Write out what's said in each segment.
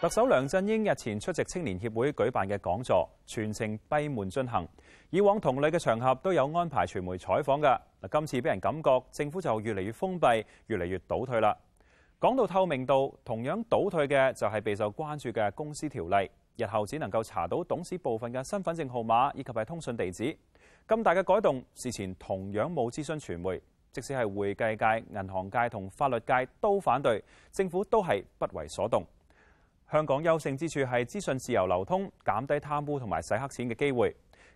特首梁振英日前出席青年協會舉辦嘅講座，全程閉門進行。以往同類嘅場合都有安排傳媒採訪嘅嗱，今次俾人感覺政府就越嚟越封閉，越嚟越倒退啦。講到透明度，同樣倒退嘅就係備受關注嘅公司條例，日後只能夠查到董事部分嘅身份證號碼以及係通訊地址。咁大嘅改動，事前同樣冇諮詢傳媒，即使係會計界、銀行界同法律界都反對，政府都係不為所動。香港優勝之處係資訊自由流通，減低貪污同埋洗黑錢嘅機會。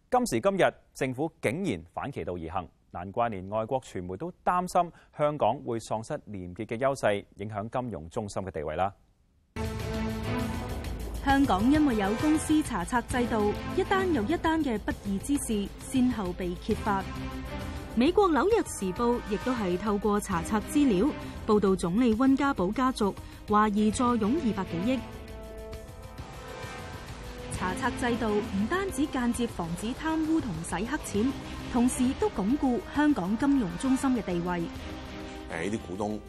今時今日，政府竟然反其道而行，難怪連外國傳媒都擔心香港會喪失廉潔嘅優勢，影響金融中心嘅地位啦。香港因為有公司查冊制度，一單又一單嘅不義之事，先後被揭發。美國《紐約時報》亦都係透過查冊資料，報導總理溫家寶家族懷疑坐擁二百幾億。查冊制度唔單止間接防止貪污同洗黑錢，同時亦都鞏固香港金融中心嘅地位。誒、呃，呢啲股東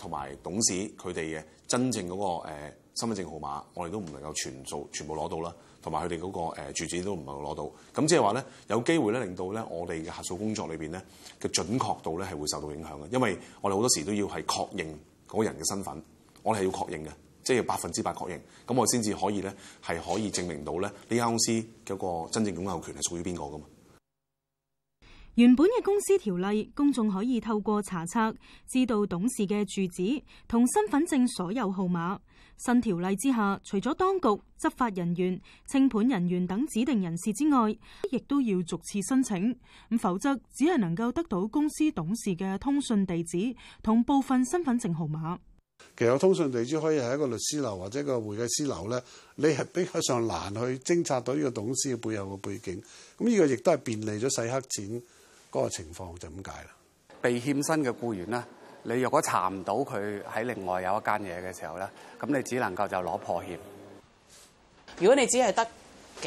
同埋董事佢哋嘅真正嗰、嗰個誒、呃、身份證號碼，我哋都唔能夠全數全部攞到啦，同埋佢哋嗰個誒、呃、住址都唔能夠攞到。咁即係話咧，有機會咧令到咧我哋嘅核數工作裏邊咧嘅準確度咧係會受到影響嘅，因為我哋好多時都要係確認個人嘅身份，我哋係要確認嘅。即係百分之百確認，咁我先至可以咧，係可以證明到咧呢間公司嘅一個真正擁有權係屬於邊個噶嘛？原本嘅公司條例，公眾可以透過查冊知道董事嘅住址同身份證所有號碼。新條例之下，除咗當局、執法人員、清盤人員等指定人士之外，亦都要逐次申請咁，否則只係能夠得到公司董事嘅通訊地址同部分身份證號碼。其實有通訊地址可以係一個律師樓或者個會計師樓咧，你係比較上難去偵察到呢個董事嘅背後嘅背景。咁呢個亦都係便利咗洗黑錢嗰個情況，就咁解啦。被欠薪嘅僱員咧，你若果查唔到佢喺另外有一間嘢嘅時候咧，咁你只能夠就攞破欠。如果你只係得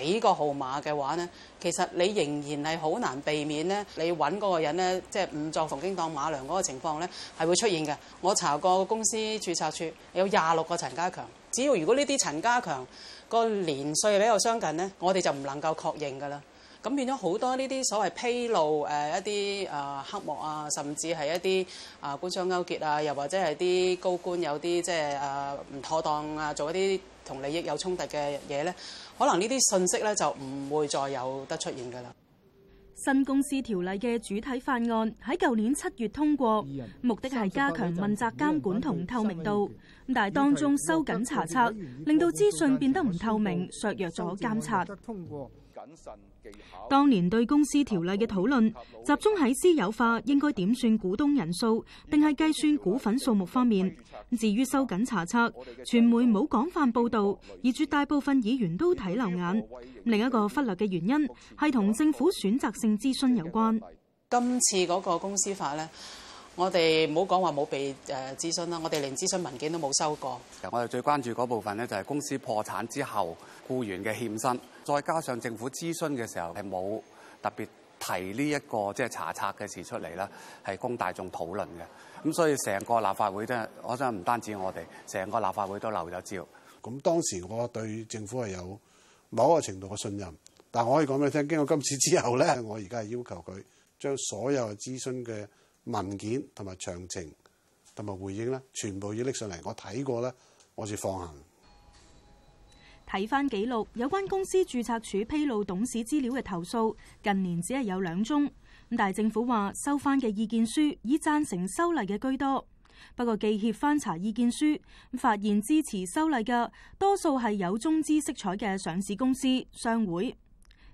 幾個號碼嘅話呢，其實你仍然係好難避免呢你揾嗰個人呢，即、就、係、是、誤作馮京當馬涼嗰個情況呢，係會出現嘅。我查過公司註冊處有廿六個陳家強，只要如果呢啲陳家強個年歲比較相近呢，我哋就唔能夠確認㗎啦。咁變咗好多呢啲所謂披露、呃、一啲、呃、黑幕啊，甚至係一啲啊、呃、官商勾結啊，又或者係啲高官有啲即係誒唔妥當啊，做一啲。同利益有衝突嘅嘢咧，可能呢啲信息咧就唔會再有得出現噶啦。新公司條例嘅主體法案喺舊年七月通過，目的係加強問責監管同透明度，但係當中收緊查冊，令到資訊變得唔透明，削弱咗監察。謹當年對公司條例嘅討論，集中喺私有化應該點算股東人數，定係計算股份數目方面。至於收緊查冊，傳媒冇廣泛報道，而絕大部分議員都睇漏眼。另一個忽略嘅原因，係同政府選擇性諮詢有關。今次嗰個公司法呢。我哋唔好講話冇被誒諮詢啦，我哋連諮詢文件都冇收過。我哋最關注嗰部分咧，就係公司破產之後僱員嘅欠薪，再加上政府諮詢嘅時候係冇特別提呢一個即係查冊嘅事出嚟啦，係供大眾討論嘅。咁所以成個立法會真係，我想唔單止我哋，成個立法會都留咗招。咁當時我對政府係有某一個程度嘅信任，但係我可以講俾你聽，經過今次之後咧，我而家係要求佢將所有諮詢嘅。文件同埋詳情同埋回應呢，全部要拎上嚟。我睇過咧，我先放行。睇翻記錄，有關公司註冊處披露董事資料嘅投訴，近年只係有兩宗。咁但係政府話收翻嘅意見書，以贊成修例嘅居多。不過記協翻查意見書，咁發現支持修例嘅多數係有中資色彩嘅上市公司、商會，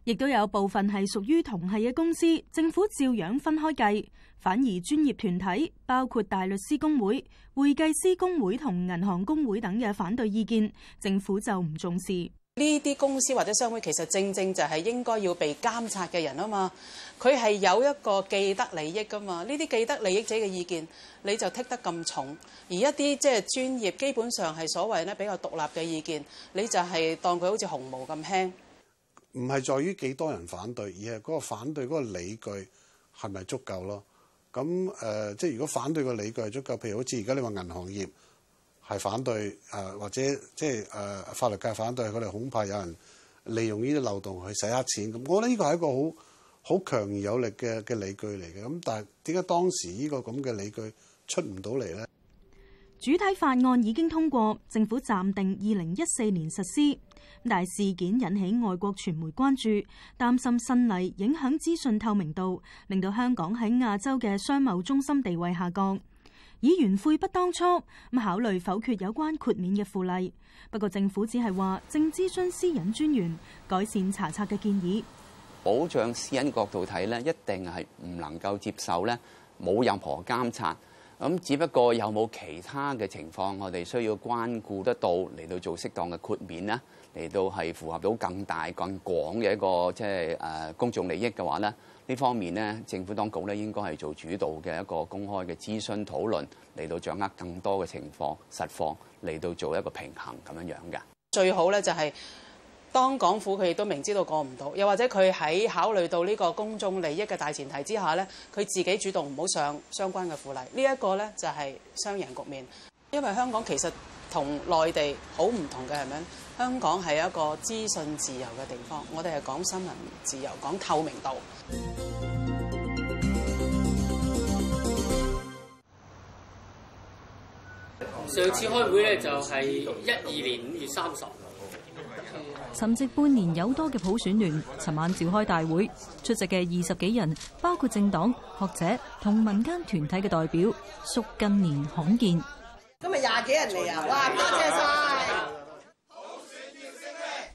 亦都有部分係屬於同系嘅公司。政府照樣分開計。反而專業團體，包括大律師公會、會計師公會同銀行公會等嘅反對意見，政府就唔重視。呢啲公司或者商會其實正正就係應該要被監察嘅人啊嘛，佢係有一個既得利益噶嘛。呢啲既得利益者嘅意見你就剔得咁重，而一啲即係專業基本上係所謂咧比較獨立嘅意見你就係當佢好似紅毛咁輕，唔係在於幾多人反對，而係嗰個反對嗰個理據係咪足夠咯？咁誒、呃、即係如果反對個理據係足夠，譬如好似而家你話銀行業係反對誒、呃、或者即係誒、呃、法律界反對，佢哋恐怕有人利用呢啲漏洞去洗黑錢。咁我覺得呢個係一個好好強而有力嘅嘅理據嚟嘅。咁但係點解當時呢個咁嘅理據出唔到嚟咧？主體法案已經通過，政府暫定二零一四年實施。但係事件引起外國傳媒關注，擔心新例影響資訊透明度，令到香港喺亞洲嘅商貿中心地位下降。議員悔不當初，咁考慮否決有關豁免嘅附例。不過政府只係話正諮詢私隱專員改善查冊嘅建議。保障私隱角度睇咧，一定係唔能夠接受咧，冇任何監察。咁只不過有冇其他嘅情況，我哋需要關顧得到嚟到做適當嘅豁免呢？嚟到係符合到更大更廣嘅一個即係誒、呃、公眾利益嘅話呢，呢方面呢，政府當局呢應該係做主導嘅一個公開嘅諮詢討論，嚟到掌握更多嘅情況實況，嚟到做一個平衡咁樣樣嘅。最好呢，就係、是。當港府佢亦都明知道過唔到，又或者佢喺考慮到呢個公眾利益嘅大前提之下呢佢自己主動唔好上相關嘅附例，呢、這、一個呢就係雙贏局面。因為香港其實同內地很不同內地好唔同嘅，係咪？香港係一個資訊自由嘅地方，我哋係講新聞自由，講透明度。上次開會呢就係一二年五月三十。沉寂半年有多嘅普選聯，尋晚召開大會，出席嘅二十幾人，包括政黨、學者同民間團體嘅代表，屬近年罕見。今日廿幾人嚟啊！哇，多謝晒。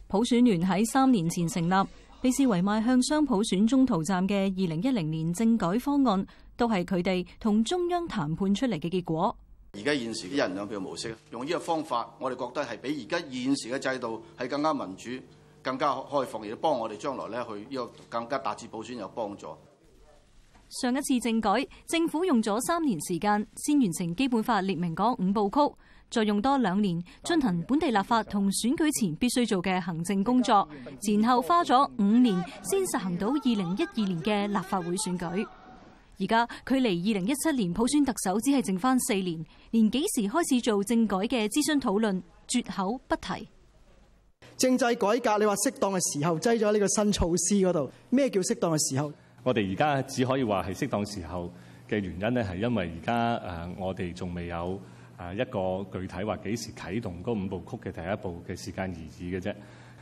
普選聯喺三年前成立，被視為邁向雙普選中途站嘅二零一零年政改方案，都係佢哋同中央談判出嚟嘅結果。而家現，現時啲一人兩票模式，用呢個方法，我哋覺得係比而家現時嘅制度係更加民主、更加開放，而幫我哋將來咧去呢個更加達至普選有幫助。上一次政改，政府用咗三年時間先完成基本法列明嗰五部曲，再用多兩年進行本地立法同選舉前必須做嘅行政工作，前後花咗五年先實行到二零一二年嘅立法會選舉。而家距離二零一七年普選特首只係剩返四年，連幾時開始做政改嘅諮詢討論，絕口不提。政制改革，你話適當嘅時候擠咗呢個新措施嗰度，咩叫適當嘅時候？我哋而家只可以話係適當時候嘅原因呢係因為而家誒我哋仲未有誒一個具體話幾時啟動嗰五部曲嘅第一步嘅時間而，而已嘅啫。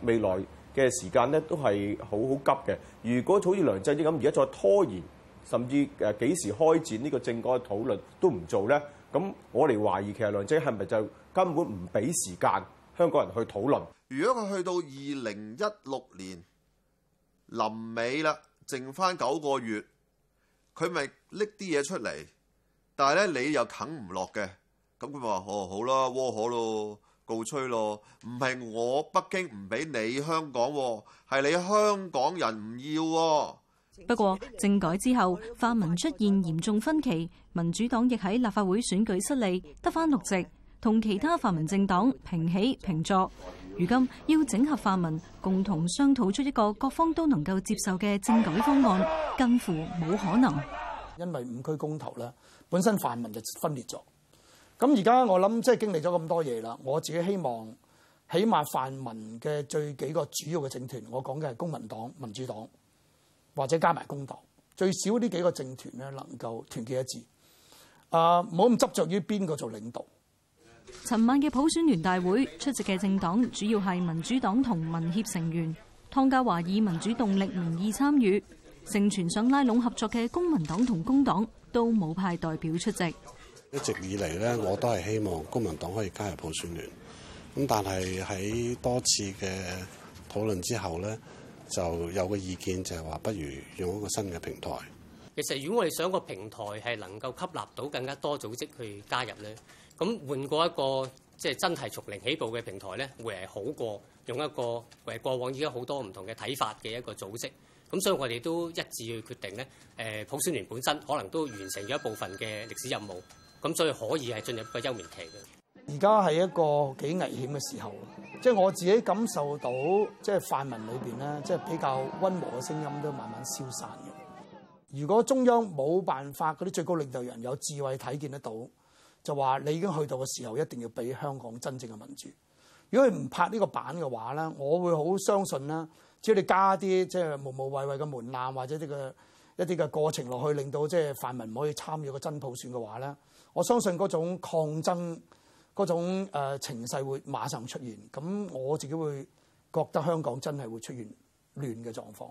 未來嘅時間呢都係好好急嘅，如果好似梁振英咁而家再拖延。甚至誒幾時開展呢個政改討論都唔做呢？咁我哋懷疑其實梁姐係咪就根本唔俾時間香港人去討論？如果佢去到二零一六年臨尾啦，剩翻九個月，佢咪拎啲嘢出嚟，但係呢，你又啃唔落嘅，咁佢話：哦好啦，窩可咯，告吹咯，唔係我北京唔俾你香港喎，係你香港人唔要喎。不過政改之後，泛民出現嚴重分歧，民主黨亦喺立法會選舉失利，得翻六席，同其他泛民政黨平起平坐。如今要整合泛民，共同商討出一個各方都能夠接受嘅政改方案，近乎冇可能。因為五區公投咧，本身泛民就分裂咗。咁而家我諗，即係經歷咗咁多嘢啦，我自己希望，起碼泛民嘅最幾個主要嘅政團，我講嘅係公民黨、民主黨。或者加埋工黨，最少呢幾個政團呢，能夠團結一致。啊，唔好咁執着於邊個做領導。尋晚嘅普選聯大會出席嘅政黨主要係民主黨同民協成員，湯家華以民主動力名義參與，盛傳想拉攏合作嘅公民黨同工黨都冇派代表出席。一直以嚟呢，我都係希望公民黨可以加入普選聯，咁但係喺多次嘅討論之後呢。就有個意見就係話，不如用一個新嘅平台。其實，如果我哋想個平台係能夠吸納到更加多組織去加入咧，咁換過一個即係、就是、真係從零起步嘅平台咧，會係好過用一個誒過往已經好多唔同嘅睇法嘅一個組織。咁所以我哋都一致去決定咧，誒普選聯本身可能都完成咗一部分嘅歷史任務，咁所以可以係進入一個休眠期嘅。而家係一個幾危險嘅時候，即係我自己感受到，即係泛民裏邊咧，即係比較温和嘅聲音都慢慢消散嘅。如果中央冇辦法，嗰啲最高領導人有智慧睇見得到，就話你已經去到嘅時候，一定要俾香港真正嘅民主。如果你唔拍呢個板嘅話咧，我會好相信啦。只要你加啲即係無無謂謂嘅門檻或者啲嘅一啲嘅過程落去，令到即係泛民唔可以參與個真普選嘅話咧，我相信嗰種抗爭，嗰種誒、呃、情勢會馬上出現，咁我自己會覺得香港真係會出現亂嘅狀況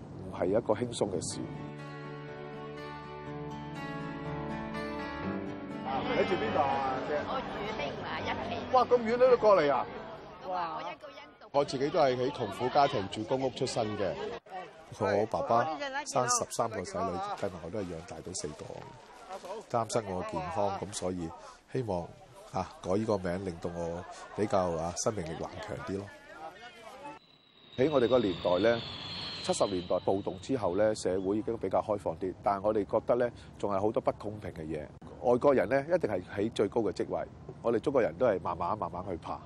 係一個輕鬆嘅事。你住邊度啊？我哇！咁遠都要過嚟啊！我自己都係喺窮苦家庭住公屋出身嘅，我爸爸生十三個仔女，跟住我都係養大到四個。擔心我嘅健康，咁所以希望嚇、啊、改呢個名，令到我比較嚇生命力頑強啲咯。喺我哋個年代咧，七十年代暴動之後咧，社會已經比較開放啲，但係我哋覺得咧，仲係好多不公平嘅嘢。外國人咧一定係喺最高嘅職位，我哋中國人都係慢慢慢慢去爬。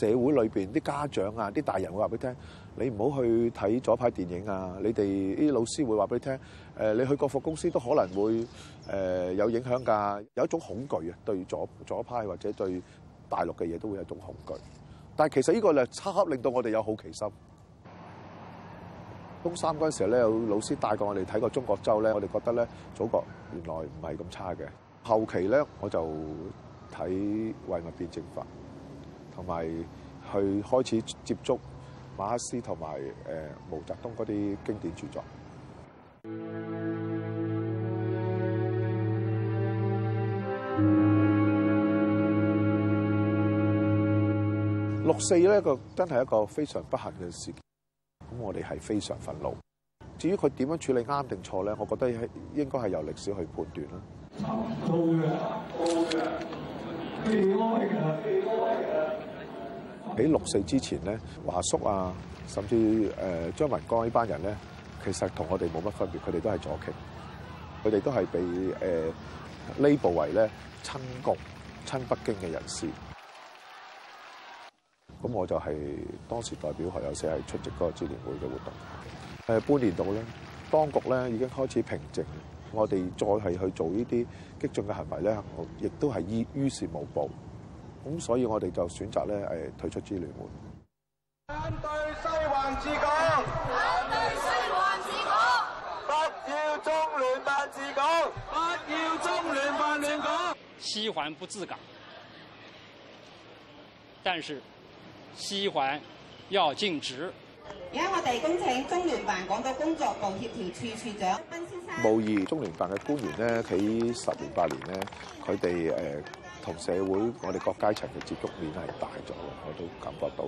社會裏邊啲家長啊，啲大人會話俾你聽，你唔好去睇左派電影啊。你哋啲老師會話俾你聽，誒、呃、你去國貨公司都可能會誒、呃、有影響㗎。有一種恐懼啊，對左左派或者對大陸嘅嘢都會有一種恐懼。但係其實呢個咧，恰恰令到我哋有好奇心。中三嗰陣時咧，有老師帶過我們看過我哋睇過《中國周》咧，我哋覺得咧，祖國原來唔係咁差嘅。後期咧，我就睇《唯物辯證法》，同埋去開始接觸馬克思同埋誒毛澤東嗰啲經典著作。六四咧，個真係一個非常不幸嘅事件。我哋係非常憤怒。至於佢點樣處理啱定錯咧，我覺得係應該係由歷史去判斷啦。喺六四之前咧，華叔啊，甚至誒、呃、張文剛呢班人咧，其實同我哋冇乜分別，佢哋都係左傾，佢哋都係被誒呢部位咧親國親北京嘅人士。咁我就係當時代表學友社係出席嗰個支聯會嘅活動。誒半年度咧，當局咧已經開始平靜，我哋再係去做呢啲激進嘅行為咧，我亦都係於於事無補。咁所以我哋就選擇咧誒退出支聯會。反對西環治港，反對西環治港，不要中聯辦治港，不要中聯辦亂港，西環不治港，但是。西環要專注。而家我哋恭請中聯辦港島工作部協調處處長温先生。無疑中聯辦嘅官員咧，喺十年八年咧，佢哋誒同社會我哋各階層嘅接觸面係大咗嘅，我都感覺到。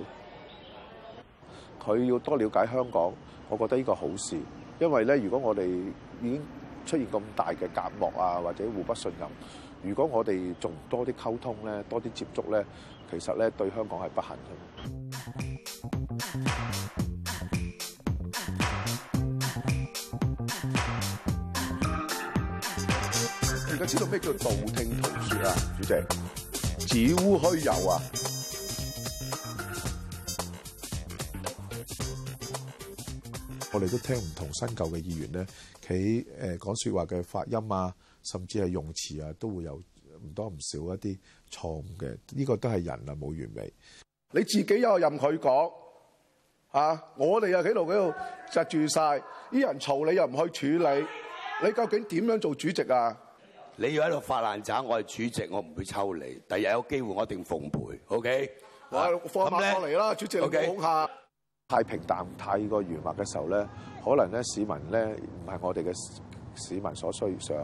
佢要多了解香港，我覺得呢個好事，因為咧，如果我哋已經出現咁大嘅隔膜啊，或者互不信任，如果我哋仲多啲溝通咧，多啲接觸咧。其實咧對香港係不幸嘅。而家知道咩叫道聽途説啊，主席？子虛烏有啊！我哋都聽唔同新舊嘅議員咧，佢誒講說話嘅發音啊，甚至係用詞啊，都會有。唔多唔少一啲錯誤嘅，呢、這個都係人啊冇完美。你自己又任佢講嚇，我哋又喺度嗰度窒住晒，啲人嘈你又唔去處理，你究竟點樣做主席啊？你要喺度發爛渣，我係主席，我唔會抽你。第日有機會我一定奉陪。OK，我放麥過嚟啦，主席你講下。Okay. 太平淡太過圓滑嘅時候咧，可能咧市民咧唔係我哋嘅。市民所需想，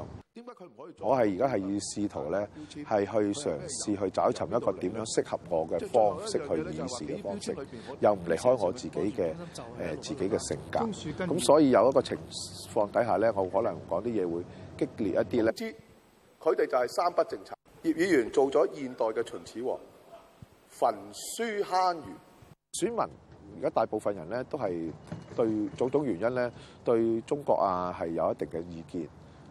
我係而家係要試圖咧，係去嘗試去找尋一個點樣適合我嘅方式去議事嘅方式，又唔離開我自己嘅誒自己嘅性格。咁所以有一個情況底下咧，我可能講啲嘢會激烈一啲咧。知佢哋就係三不政策。葉議員做咗現代嘅秦始皇，焚書坑儒，選民。而家大部分人咧，都係對種種原因咧，對中國啊係有一定嘅意見，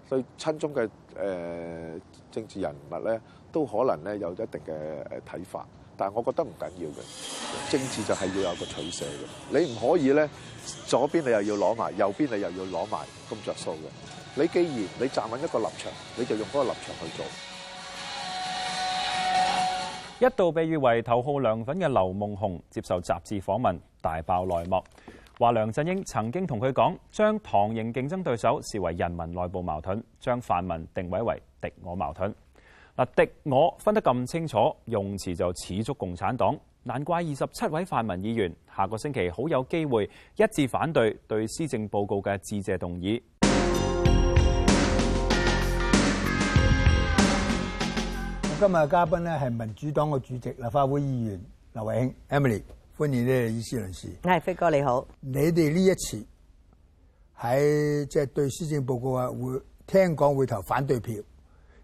對親中嘅誒政治人物咧，都可能咧有一定嘅誒睇法。但係我覺得唔緊要嘅，政治就係要有一個取捨嘅。你唔可以咧，左邊你又要攞埋，右邊你又要攞埋，咁著數嘅。你既然你站穩一個立場，你就用嗰個立場去做。一度被譽為頭號梁粉嘅劉夢熊接受雜誌訪問，大爆內幕，話梁振英曾經同佢講，將唐營競爭對手視為人民內部矛盾，將泛民定位為敵我矛盾。敵敵我分得咁清楚，用詞就似足共產黨，難怪二十七位泛民議員下個星期好有機會一致反對對施政報告嘅致謝動議。今日嘅嘉賓咧係民主黨嘅主席、立法會議員劉慧卿 Emily，歡迎你嚟，議事論事誒，飛哥你好。你哋呢一次喺即係對施政報告啊，會聽講會投反對票。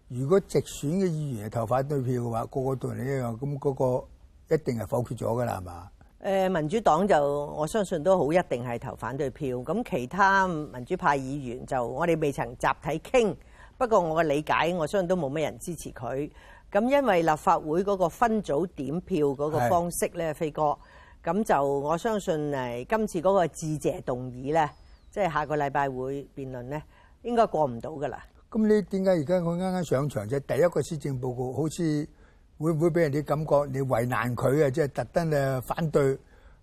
如果直選嘅議員係投反對票嘅話，個個對你一樣，咁、那、嗰個一定係否決咗㗎啦，係嘛？誒、呃，民主黨就我相信都好一定係投反對票。咁其他民主派議員就我哋未曾集體傾，不過我嘅理解，我相信都冇咩人支持佢。咁因為立法會嗰個分組點票嗰個方式咧，飛哥，咁就我相信誒，今次嗰個致謝動議咧，即係下個禮拜會辯論咧，應該過唔到㗎喇。咁你點解而家我啱啱上場啫？第一個施政報告好似會唔會俾人哋感覺你為難佢啊？即係特登誒反對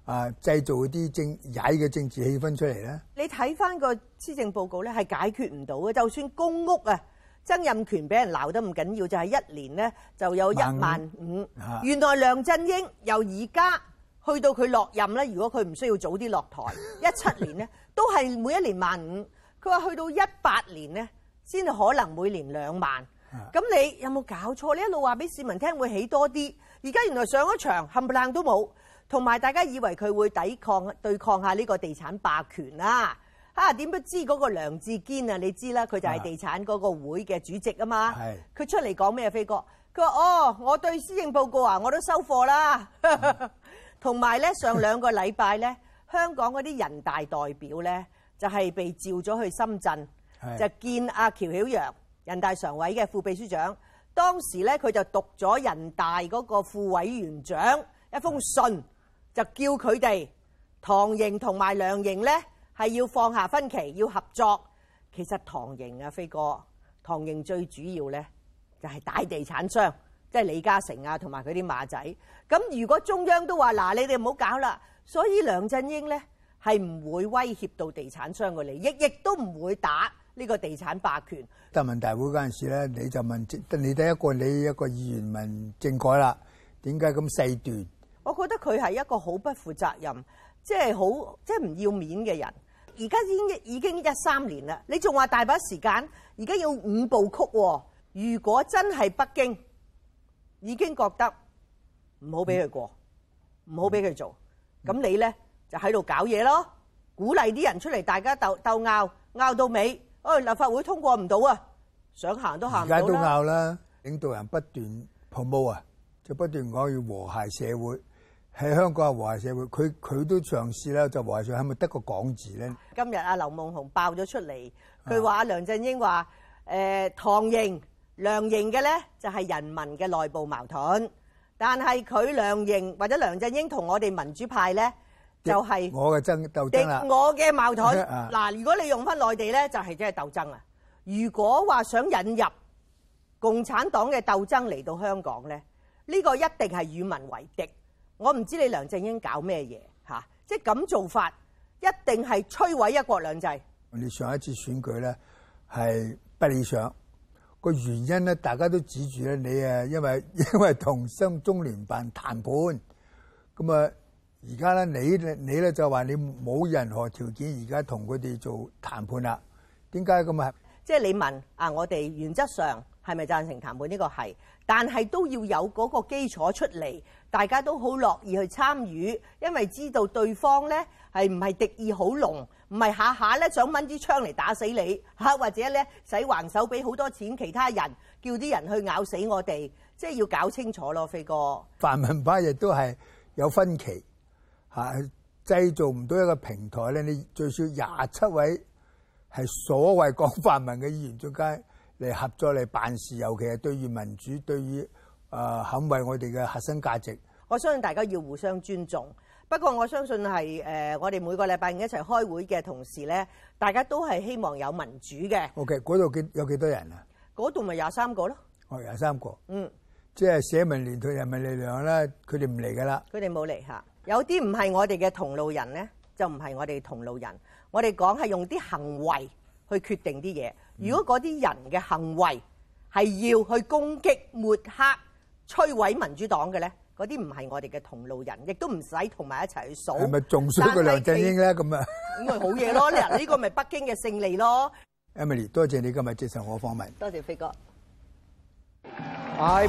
啊，製造啲政曳嘅政治氣氛出嚟咧？你睇返個施政報告咧，係解決唔到嘅。就算公屋啊！曾蔭權俾人鬧得咁緊要，就係一年咧就有一萬五。原來梁振英由而家去到佢落任咧，如果佢唔需要早啲落台，一七年咧都係每一年萬五。佢話去到一八年咧，先至可能每年兩萬。咁你有冇搞錯？你一路話俾市民聽會起多啲，而家原來上咗場冚唪唥都冇。同埋大家以為佢會抵抗對抗下呢個地產霸權啦。嚇點不知嗰個梁志堅啊？你知啦，佢就係地產嗰個會嘅主席啊嘛。佢的出嚟講咩啊？飛哥佢話：哦，我對施政報告啊，我都收貨啦。同埋咧，上兩個禮拜咧，香港嗰啲人大代表咧就係、是、被召咗去深圳，的就見阿、啊、喬曉陽人大常委嘅副秘書長。當時咧，佢就讀咗人大嗰個副委員長一封信，的就叫佢哋唐營同埋梁營咧。係要放下分歧，要合作。其實唐營啊，飛哥，唐營最主要咧就係大地產商，即係李嘉誠啊，同埋佢啲馬仔。咁如果中央都話嗱，你哋唔好搞啦，所以梁振英咧係唔會威脅到地產商嘅利益，亦都唔會打呢個地產霸權。答問大會嗰陣時咧，你就問你第一個你一個議員問政改啦，點解咁細段？我覺得佢係一個好不負責任，即係好即係唔要面嘅人。而家已經已經一三年啦，你仲話大把時間？而家要五步曲喎。如果真係北京已經覺得唔好俾佢過，唔好俾佢做，咁你咧就喺度搞嘢咯，鼓勵啲人出嚟，大家鬥鬥拗拗到尾，哎，立法會通過唔到啊，想行都行唔到啦。而家都拗啦，領導人不斷 promote 啊，就不斷講要和諧社會。喺香港啊，和諧社會，佢佢都嘗試咧，就和諧上係咪得個港字咧？今日阿、啊、劉夢熊爆咗出嚟，佢話：梁振英話誒、呃、唐營梁營嘅咧，就係、是、人民嘅內部矛盾。但係佢梁營或者梁振英同我哋民主派咧，就係、是、敵我嘅鬥爭，敵我嘅矛盾嗱、 啊。如果你用返內地咧，就係即係鬥爭啊！如果話想引入共產黨嘅鬥爭嚟到香港咧，呢、這個一定係與民為敵。我唔知你梁振英搞咩嘢嚇，即係咁做法一定係摧毀一國兩制。你上一次選舉咧係不理想，個原因咧大家都指住咧你誒，因為因為同心中聯辦談判，咁啊而家咧你呢你咧就話你冇任何條件而家同佢哋做談判啦？點解咁啊？即係你問啊，我哋原則上係咪贊成談判？呢個係。但係都要有嗰個基礎出嚟，大家都好樂意去參與，因為知道對方呢係唔係敵意好濃，唔係下下呢想掹支槍嚟打死你，嚇或者呢使橫手俾好多錢其他人，叫啲人去咬死我哋，即係要搞清楚咯，飛哥。泛民派亦都係有分歧，嚇、啊、製造唔到一個平台呢你最少廿七位係所謂講泛民嘅議員最佳。合作嚟辦事，尤其係對於民主，對於誒、呃、肯為我哋嘅核心價值。我相信大家要互相尊重。不過我相信係誒、呃，我哋每個禮拜一一齊開會嘅同時咧，大家都係希望有民主嘅。OK，嗰度幾有幾多人啊？嗰度咪廿三個咯。哦，廿三個。嗯，即係社民連同人民力量啦，佢哋唔嚟㗎喇。佢哋冇嚟吓。有啲唔係我哋嘅同路人咧，就唔係我哋同路人。我哋講係用啲行為去決定啲嘢。如果嗰啲人嘅行為係要去攻擊、抹黑、摧毀民主黨嘅咧，嗰啲唔係我哋嘅同路人，亦都唔使同埋一齊去數。係咪仲衰過梁振英咧？咁啊是，咁咪是 好嘢咯！呢 個咪北京嘅勝利咯。Emily，多謝你今日接受我訪問。多謝飛哥。I,